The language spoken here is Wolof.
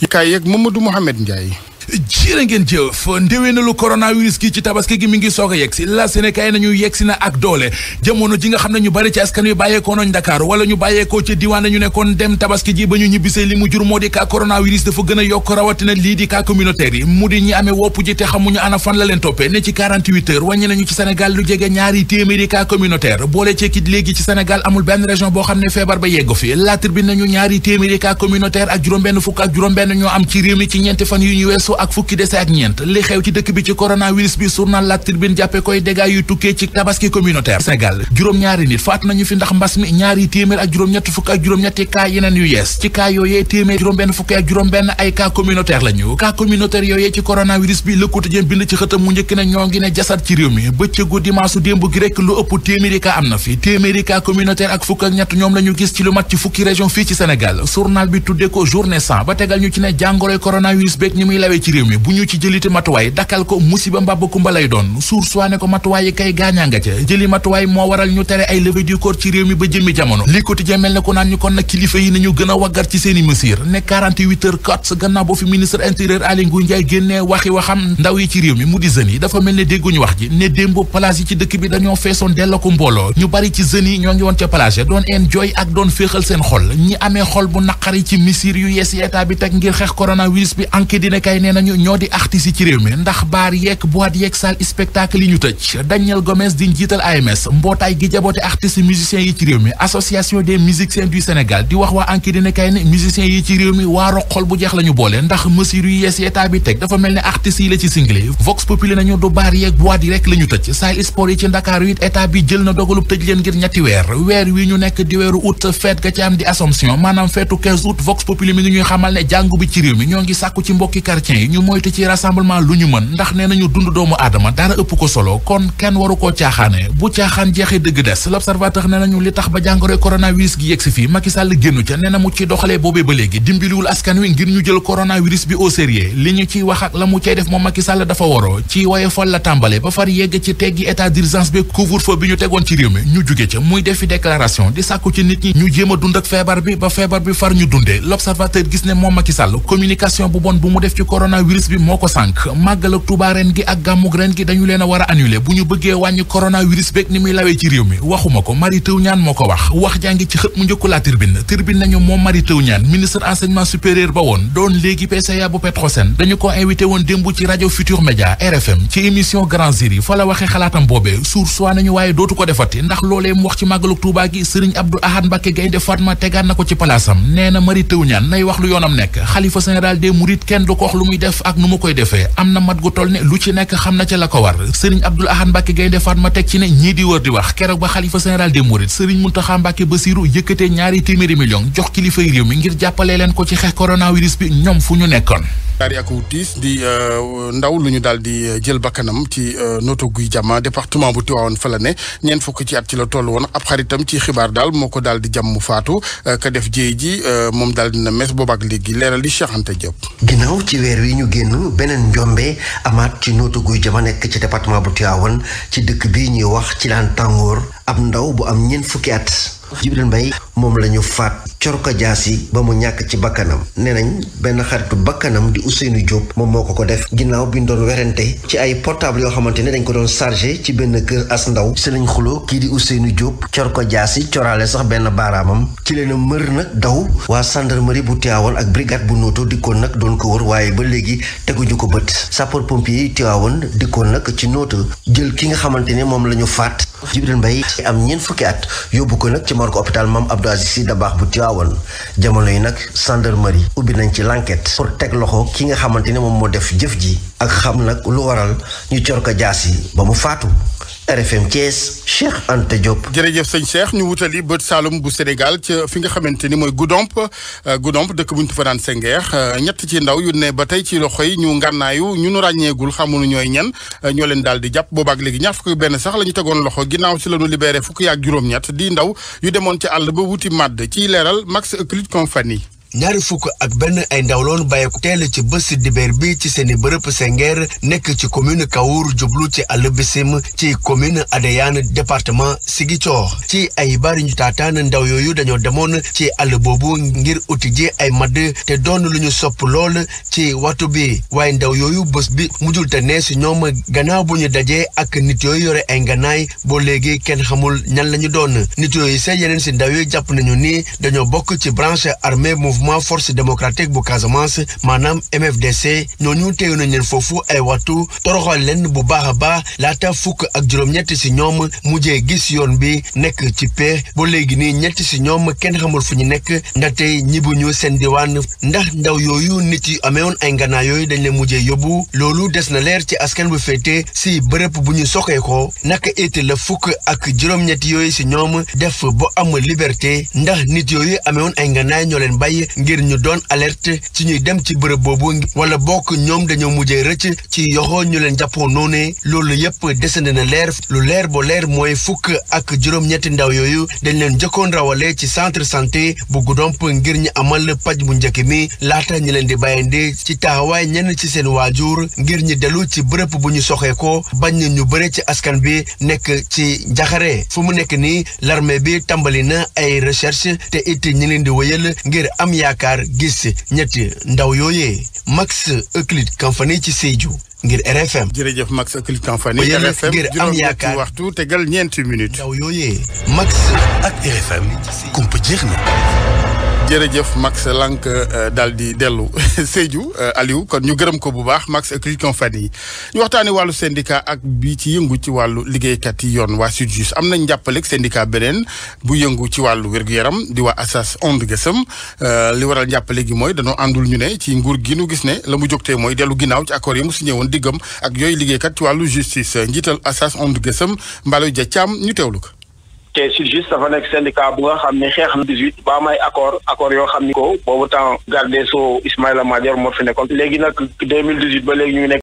yi kaay yeeg Mamadou Mouhamed Ndiaye. jërë ngeen jëf ndéwénalu coronavirus gi ci tabaski gi mi ngi soog a yegsi la Sénégal nañu yegsi na ak doole jamono ji nga xam ne ñu bari ci askan wi bàyyeekoo nañ Dakar wala ñu bàyyeekoo ca diwaan ñu nekkoon dem tabaski ji ba ñu ñibbisee li mu jur moo di cas coronavirus dafa gën a yokk rawatina lii di cas communautaire yi mu di ñi amee wopp ji te xamuñu ana fan la leen toppee ne ci 48 heures wàññi nañu ci Sénégal lu jege ñaari téeméeri cas communautaire dese ak ñeent li xew ci dëkk bi ci coronavirus bi journal La Tribune jàppe koy dégâts yu tukkee ci tabaski communautaire Sénégal juróom-ñaari nit faat nañu fi ndax mbas mi ñaari téeméer ak juróom-ñett fukk ak juróom-ñetti cas yeneen yu yees ci cas yooyee téeméer juróom-benn fukk ak juróom-benn ay cas communautaire lañu cas communautaire yooyee ci coronavirus bi Le Quotidien bind ci xëtam mu njëkk ne ñoo ngi ne jasat ci réew mi bëccëgu dimanche démb gi rekk lu ëpp téeméeri cas am na fi téeméeri cas communautaire ak fukk ñett ñoom la gis ci lu mat ci fukki région fii ci Sénégal journal bi tuddee ko journée sans ba tegal ñu ci ne jàngoroy coronavirus beeg ñi muy lawee ci réew mi bu ñu ci jëlite matuwaay dakkal ko musiba mbàbbakumba lay doon source waa ne ko matuwaay yi kay gaañaa nga ca jëli matuwaay moo waral ñu tere ay levée du ci réew mi ba jëmmi jamono li quotidien mel ne ko naan ñu kon nag kilifa yi nañu gën a waggar ci seeni mesure ne 48 heures kat gannaaw boo fi ministre intérieur Aly Ngouille Ndiaye waxi waxam ndaw yi ci réew mi mu di jeunes yi dafa mel ne dégguñu wax ji ne démb place yi ci dëkk bi dañoo feesoon di artistes yi ci réew mi ndax baar yeeg boîte yeeg salle spectacle yi ñu tëj Daniel Gomes di njiital AMS mbootaay gi jaboote artistes yi ci réew mi association des musiciens du Sénégal di wax waa enquête dina kay yi ci réew mi waa roqol bu jeex la boole ndax mesures yu yees yi état bi teg dafa mel ne artistes yi la ci single Vox Populi nañu du baar yeeg boîte yi rek la tëj salle sport yi ci Ndakaar it état bi jël na dogalub tëj leen ngir ñetti moytu lu ñu mën ndax nee nañu dund doomu aadama dara ëpp ko solo kon kenn waru koo caaxaane bu caaxaan jeexee dëgg des l'observateur nee nañu li tax ba jàngoroy coronavirus gi yegg si fii Macky Sall ca nee na mu ci doxalee boobee ba léegi dimbiliwul askan wi ngir ñu jël coronavirus bi au sérieux li ñu ciy wax ak la mu cay def moom Macky dafa waroo ci waye fol la tàmbale ba far yegg ci teggi état d'urgence bi couvre-feu bi ñu tegoon ci réew mi ñu juge ca a mu bi moo ko sànq màggal ak Tuubaa ren gi ak gàmmug ren gi dañu leen a war a annulé bu ñu bëggee wàññi coronavirus beeg ni muy lawee ci réew mi waxuma ko Mary Teuw Niane moo ko wax wax jàngi ci xët mu njëkku laa Tribune Tribune nañu moom Mary Teuw Niane ministre enseignement supérieur ba woon doon léegi PCA bu Petrosen dañu ko invité woon démb ci rajo Futur Média RFM ci émission Grand Jury fa la waxee xalaatam boobee suur soi nañu waaye dootu ko defati ndax loolee mu wax ci màggaluk Tuubaa gi Sëriñ Abdou Ahad Mbacké Gaynde Fatma wax lu yoonam nekk xalifa général des Mourides kenn du lu muy def nu mu koy defee am na mat gu toll ne lu ci nekk xam na ca la ko war sëriñ Abdoul Ahad Mbacke Gaynde ma teg ci ne ñii di wër di wax keroog ba xalifa général des mourides sëriñ Mountakha Mbacke Bassirou yëkkatee ñaari téeméeri million jox kilifay réew mi ngir jàppale leen ko ci xeex coronavirus bi ñoom fu ñu nekkoon daal di ak tiis di euh, ndaw lu ñu daal di euh, jël bakkanam ci euh, noto guy jàmm département bu Tivaouane fa la ne ñeent fukk ci at ci la toll woon ab xaritam ci xibaar daal moo ko daal di jàmm mu faatu ka def jéey ji moom daal dina mes boobaak léegi leeral li Cheikh Anta Diop. ginnaaw ci weer wi ñu génn beneen njombe amaat ci noto guy jama nekk ci département bu Tivaouane ci dëkk bi ñuy wax ci laan tàngoor ab ndaw bu am ñeent fukki at. Jibril Mbaye moom la ñu faat corko jaas yi ba mu ñàkk ci bakkanam ne nañ benn xaritu bakkanam di Ousseynou jóob moom moo ko ko def ginnaaw bi ñu doon werante ci ay portable yoo xamante ne dañ ko doon chargé ci benn kër as ndaw si lañ xuloo kii di Ousseynou Diop corko jaas yi coraale sax benn baaraamam ci leen a mër nag daw waa gendarmerie bu Tivaouane ak brigade bu Noto dikkoon nag doon ko wër waaye ba léegi teguñu ko bët sapeur pompier yi Tivaouane dikkoon nag ci Noto jël ki nga xamante ne moom la ñu faat Jibril Mbaye am at morgue hôpital Mame Abdou Aziz Sy Dabakh bu Tivaouane jamono yi nag gendarmerie ubbi nañ ci l'enquête pour teg loxo ki nga xamante ne moom moo def jëf ji ak xam nag lu waral ñu cor ko jaas yi ba mu faatu RFM Thiès Cheikh Anta Diop. jërëjëf sëñ Cheikh ñu wutali bët Saalum bu Sénégal ca fi nga xamante ni mooy Goudomp euh, Goudomp dëkk bu ñu fa daan sengeer euh, ñett ci ndaw yu ne ba tey ci loxo yi ñu ngànnaayu ñu nu ràññeegul xamuñu ñooy ñan euh, ñoo leen daal di jàpp boobaak léegi ñaar fukki benn sax la ñu tegoon loxo ginnaaw si la ñu libéré fukki ak juróom-ñett di ndaw yu demoon ci àll ba wuti màdd ciy leeral Max Euclid Compagnie. ñaari fukk ak benn ay ndaw loon bàyyeeku teel ci bés dibéer bi ci seeni bërëb Sengeer nekk ci commune Kawour jublu ci àll bisim ci commune Adéane département Ziguinchor ci ay baari taataan ndaw yooyu dañoo demoon ci àll boobu ngir uti ji ay madd te doon lu ñu sopp lool ci waxtu bi waaye ndaw yooyu bës bi mujjul te nees ñoom gannaaw bu ñu dajee ak nit yooyu yore ay nganaay boo léegi kenn xamul ñan la ñu doon nit yooyu sa yeneen si ndaw yi jàpp nañu ni dañoo bokk ci branche armée mouvement force démocratique bu Casamance maanaam MFDC ñooñu téye nañ leen foofu ay waxtu toroxal leen bu baax a baax laata fukk ak juróom-ñett si ñoom mujjee gis yoon bi nekk ci paix ba léegi nii ñett si ñoom kenn xamul fu ñu nekk ndaxte ñibbuñu seen diwaan ndax ndaw yooyu nit yi ameewoon ay nganaa yooyu dañ leen mujjee yóbbu loolu des na leer ci askan bu féete si bërëb bu ñu soxee ko naka it la fukk ak juróom-ñett yooyu si ñoom def ba am liberte ndax nit yooyu ameewoon ay nganaay ñoo leen bàyyi ngir ñu doon alerte ci ñuy dem ci bërëb boobu wala bokk ñoom dañoo mujjee rëcc ci yoxoo ñu leen jàppoo noonee loolu yëpp desandi na leer lu leer bo leer mooy fukk ak juróom-ñetti ndaw yooyu dañ leen jëkkoon rawale ci centre santé bu Goudomp ngir ñu amal paj bu njëkk mi laata ñu leen di bàyyandi ci taxawaay ñenn ci seen waajur ngir ñi dellu ci bërëb bu ñu soxee ko bañ ñu bëre ci askan bi nekk ci njaxare fu mu nekk nii l'armée bi tàmbali na ay recherche te it ñu leen di wëyal ngir am yaakaar gis ñetti ndaw yooyee Max Euclid Kamfane ci Sédhiou ngir RFM. jërëjëf Max Euclid Kamfane RFM ngir am yaakaar waxtu tegal ñeenti minutes. ndaw yooyee Max ak RFM kumpa jeex na. jërëjëf Max Lank euh, daal di dellu Sédhiou euh, Aliou kon ñu gërëm ko bu baax Max ak Luc fan yi ñu waxtaanee wàllu syndicat ak bi ci yëngu ci wàllu liggéeykat yi yoon waa SYTJUST am nañ jàppaleeg syndicat beneen bu yëngu ci wàllu wér yaram di waa Assas Onde Gësëm euh, li waral jàppale gi mooy dañoo àndul ñu ne ci nguur gi nu gis ne la mu jógtee mooy dellu ginnaaw ci accord yi mu signé woon diggam ak yooyu liggéeykat ci wàllu justice njiital Assas Onde Gësëm Mballo Dia Thiam ñu teewlu ko te SYTJUST dafa nekk syndicat bu nga xam ne xeex na 18 ba may accord accord yoo xam ni ko boobu temps garde soo Ismaïla Madior moo fi nekkoon léegi nag 2018 ba léegi ñu nekk